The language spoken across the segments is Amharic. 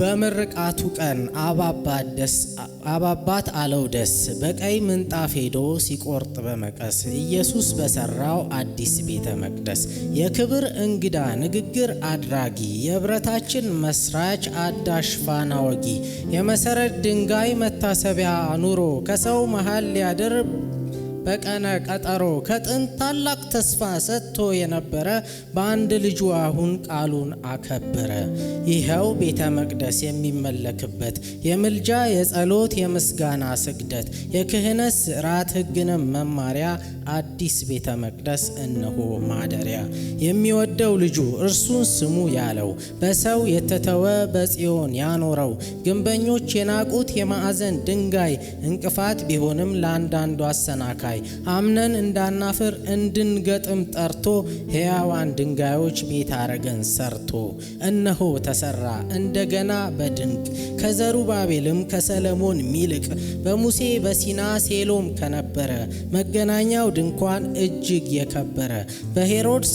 በምርቃቱ ቀን አባባት አለው ደስ በቀይ ምንጣፍ ሄዶ ሲቆርጥ በመቀስ ኢየሱስ በሰራው አዲስ ቤተ መቅደስ የክብር እንግዳ ንግግር አድራጊ የህብረታችን መስራች አዳሽ ፋና ወጊ የመሰረት ድንጋይ መታሰቢያ ኑሮ! ከሰው መሃል ሊያደርብ በቀነ ቀጠሮ ከጥንት ታላቅ ተስፋ ሰጥቶ የነበረ በአንድ ልጁ አሁን ቃሉን አከበረ። ይኸው ቤተ መቅደስ የሚመለክበት የምልጃ፣ የጸሎት፣ የምስጋና ስግደት፣ የክህነት ስርዓት ህግንም መማሪያ አዲስ ቤተ መቅደስ እነሆ ማደሪያ የሚወደው ልጁ እርሱን ስሙ ያለው በሰው የተተወ በጽዮን ያኖረው ግንበኞች የናቁት የማዕዘን ድንጋይ እንቅፋት ቢሆንም ለአንዳንዱ አሰናካይ አምነን እንዳናፍር እንድንገጥም ጠርቶ ሕያዋን ድንጋዮች ቤት አረገን ሰርቶ እነሆ ተሰራ እንደገና በድንቅ ከዘሩባቤልም ከሰለሞን ሚልቅ በሙሴ በሲና ሴሎም ከነበረ መገናኛው ድንኳን እጅግ የከበረ በሄሮድስ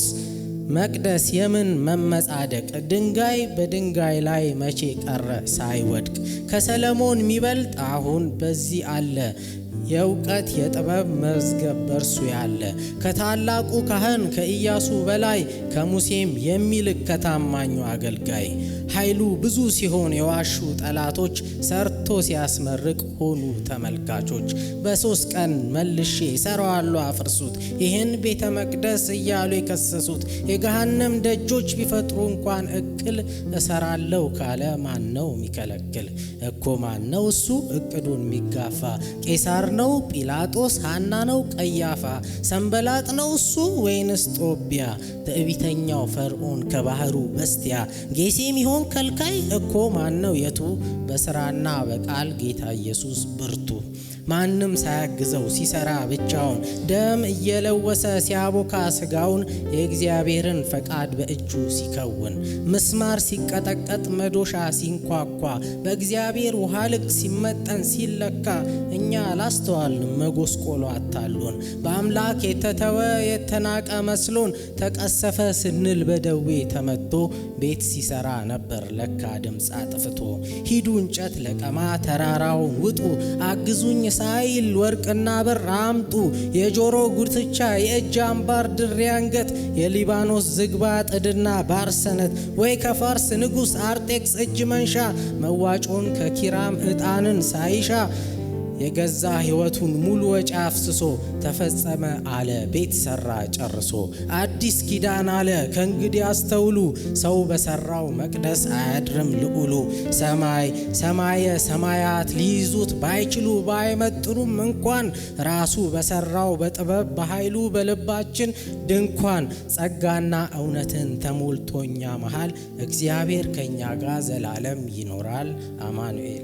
መቅደስ የምን መመጻደቅ ድንጋይ በድንጋይ ላይ መቼ ቀረ ሳይወድቅ ከሰለሞን የሚበልጥ አሁን በዚህ አለ የእውቀት የጥበብ መዝገብ በርሱ ያለ ከታላቁ ካህን ከኢያሱ በላይ ከሙሴም የሚልቅ ከታማኙ አገልጋይ ኃይሉ ብዙ ሲሆን የዋሹ ጠላቶች ሰርቶ ሲያስመርቅ ሆኑ ተመልካቾች። በሶስት ቀን መልሼ ሰራዋሉ አፍርሱት ይህን ቤተ መቅደስ እያሉ የከሰሱት። የገሃነም ደጆች ቢፈጥሩ እንኳን እቅል እሰራለው ካለ ማን ነው ሚከለክል? እኮ ማን ነው እሱ እቅዱን ሚጋፋ? ቄሳር ነው ጲላጦስ? ሃና ነው ቀያፋ? ሰንበላጥ ነው እሱ ወይንስ ጦቢያ? ትዕቢተኛው ፈርዖን ከባህሩ በስቲያ ጌሴም ይሆን ከልካይ እኮ ማን ነው የቱ? በስራና በቃል ጌታ ኢየሱስ ብርቱ ማንም ሳያግዘው ሲሰራ ብቻውን ደም እየለወሰ ሲያቦካ ስጋውን የእግዚአብሔርን ፈቃድ በእጁ ሲከውን ምስማር ሲቀጠቀጥ መዶሻ ሲንኳኳ በእግዚአብሔር ውሃ ልቅ ሲመጠን ሲለካ እኛ አላስተዋልንም መጎስቆሎ አታሉን በአምላክ የተተወ የተናቀ መስሎን ተቀሰፈ ስንል በደዌ ተመቶ ቤት ሲሰራ ነበር ለካ ድምፅ አጥፍቶ ሂዱ እንጨት ለቀማ ተራራውን ውጡ አግዙኝ ሳይል ወርቅና ብር አምጡ፣ የጆሮ ጉትቻ፣ የእጅ አምባር፣ ድሪ አንገት፣ የሊባኖስ ዝግባ ጥድና ባርሰነት ወይ ከፋርስ ንጉሥ አርጤክስ እጅ መንሻ መዋጮን ከኪራም ዕጣንን ሳይሻ የገዛ ሕይወቱን ሙሉ ወጪ አፍስሶ ተፈጸመ አለ። ቤት ሰራ ጨርሶ አዲስ ኪዳን አለ። ከእንግዲህ አስተውሉ፣ ሰው በሰራው መቅደስ አያድርም ልዑሉ። ሰማይ ሰማየ ሰማያት ሊይዙት ባይችሉ ባይመጥኑም እንኳን ራሱ በሰራው በጥበብ በኃይሉ በልባችን ድንኳን ጸጋና እውነትን ተሞልቶኛ መሃል እግዚአብሔር ከኛ ጋር ዘላለም ይኖራል። አማኑኤል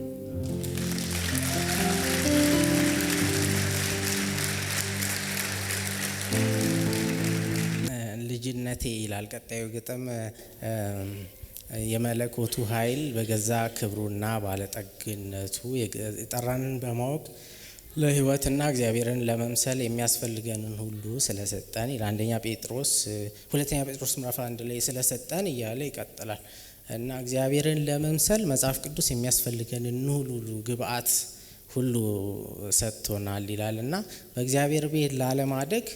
ልጅነቴ ይላል ቀጣዩ ግጥም። የመለኮቱ ኃይል በገዛ ክብሩና ባለጠግነቱ የጠራንን በማወቅ ለህይወትና እግዚአብሔርን ለመምሰል የሚያስፈልገንን ሁሉ ስለሰጠን ይላል። አንደኛ ጴጥሮስ ሁለተኛ ጴጥሮስ ምዕራፍ አንድ ላይ ስለሰጠን እያለ ይቀጥላል እና እግዚአብሔርን ለመምሰል መጽሐፍ ቅዱስ የሚያስፈልገንን ሁሉ ግብአት ሁሉ ሰጥቶናል ይላል እና በእግዚአብሔር ቤት ላለማደግ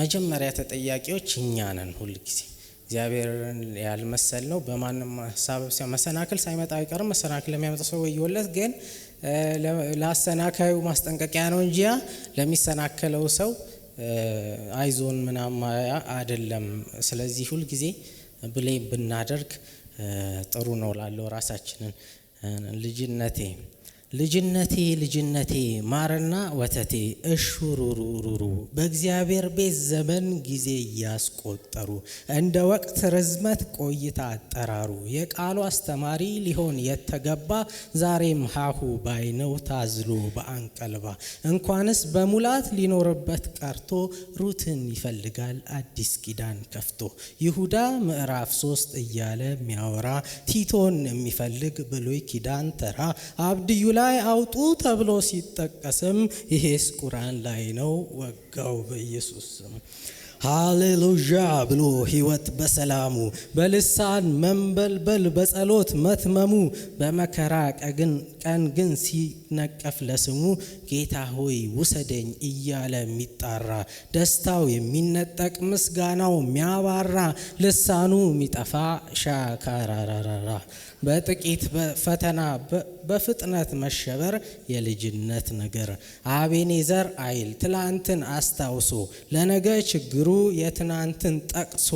መጀመሪያ ተጠያቂዎች እኛ ነን። ሁል ጊዜ እግዚአብሔርን ያልመሰል ነው። በማንም ሀሳብ መሰናክል ሳይመጣ አይቀርም። መሰናክል ለሚያመጣ ሰው ወዮለት፣ ግን ለአሰናካዩ ማስጠንቀቂያ ነው እንጂ ለሚሰናከለው ሰው አይዞን ምናም አይደለም። ስለዚህ ሁል ጊዜ ብሌ ብናደርግ ጥሩ ነው ላለው ራሳችንን ልጅነቴ ልጅነቴ ልጅነቴ ማርና ወተቴ እሹሩሩሩሩ በእግዚአብሔር ቤት ዘመን ጊዜ እያስቆጠሩ እንደ ወቅት ርዝመት ቆይታ አጠራሩ የቃሉ አስተማሪ ሊሆን የተገባ ዛሬም ሀሁ ባይነው ታዝሎ በአንቀልባ እንኳንስ በሙላት ሊኖርበት ቀርቶ ሩትን ይፈልጋል አዲስ ኪዳን ከፍቶ ይሁዳ ምዕራፍ ሶስት እያለ የሚያወራ ቲቶን የሚፈልግ ብሎይ ኪዳን ተራ አብድዩላ ላይ አውጡ ተብሎ ሲጠቀስም ይሄስ ቁራን ላይ ነው። ወጋው በኢየሱስ ሃሌሉያ ብሎ ህይወት በሰላሙ በልሳን መንበልበል በጸሎት መትመሙ በመከራ ቀን ግን ሲነቀፍ ለስሙ ጌታ ሆይ ውሰደኝ እያለ የሚጣራ ደስታው የሚነጠቅ ምስጋናው የሚያባራ ልሳኑ የሚጠፋ ሻካራራራ በጥቂት ፈተና በፍጥነት መሸበር የልጅነት ነገር። አቤኔዘር አይል ትላንትን አስታውሶ ለነገ ችግሩ የትናንትን ጠቅሶ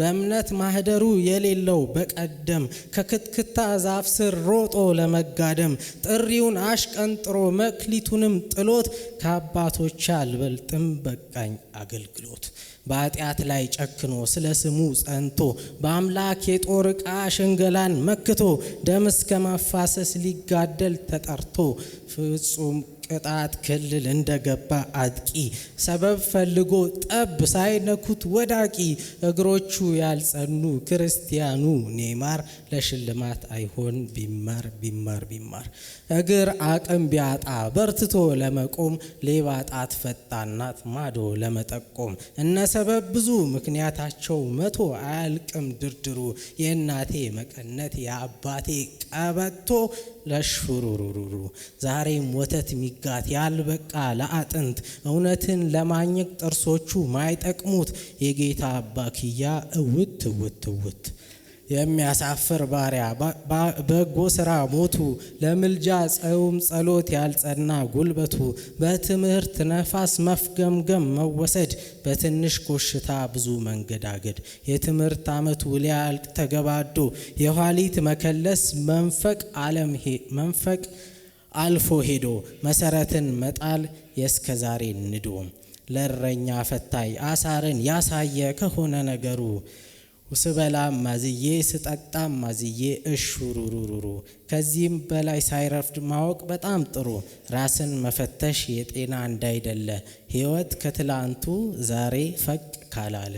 በእምነት ማህደሩ የሌለው በቀደም ከክትክታ ዛፍ ስር ሮጦ ለመጋደም ጥሪውን አሽቀንጥሮ መክሊቱንም ጥሎት ከአባቶች አልበልጥም በቃኝ አገልግሎት በኃጢአት ላይ ጨክኖ ስለ ስሙ ጸንቶ በአምላክ የጦር ዕቃ ሽንገላን መክቶ ደም እስከ ማፋሰስ ሊጋደል ተጠርቶ ፍጹም ቅጣት ክልል እንደገባ አጥቂ ሰበብ ፈልጎ ጠብ ሳይነኩት ወዳቂ እግሮቹ ያልጸኑ ክርስቲያኑ ኔማር ለሽልማት አይሆን ቢማር ቢማር ቢማር እግር አቅም ቢያጣ በርትቶ ለመቆም ሌባ ጣት ፈጣናት ማዶ ለመጠቆም እነ ሰበብ ብዙ ምክንያታቸው መቶ አያልቅም ድርድሩ የእናቴ መቀነት የአባቴ ቀበቶ ለሽሩሩሩሩ ዛሬም ወተት ሊጋት ያልበቃ ለአጥንት እውነትን ለማግኘት ጥርሶቹ ማይጠቅሙት የጌታ አባክያ እውት እውት እውት የሚያሳፍር ባሪያ በጎ ስራ ሞቱ ለምልጃ ጸውም ጸሎት ያልጸና ጉልበቱ በትምህርት ነፋስ መፍገምገም መወሰድ በትንሽ ኮሽታ ብዙ መንገዳገድ የትምህርት ዓመቱ ሊያልቅ ተገባዶ የኋሊት መከለስ መንፈቅ አለም መንፈቅ አልፎ ሄዶ መሰረትን መጣል የእስከ ንዶ ለእረኛ ፈታይ አሳርን ያሳየ ከሆነ ነገሩ ስበላም ማዝዬ ስጠጣ ማዝዬ እሹሩሩሩሩ ከዚህም በላይ ሳይረፍድ ማወቅ በጣም ጥሩ ራስን መፈተሽ የጤና እንዳይደለ ህይወት ከትላንቱ ዛሬ ፈቅ ካላለ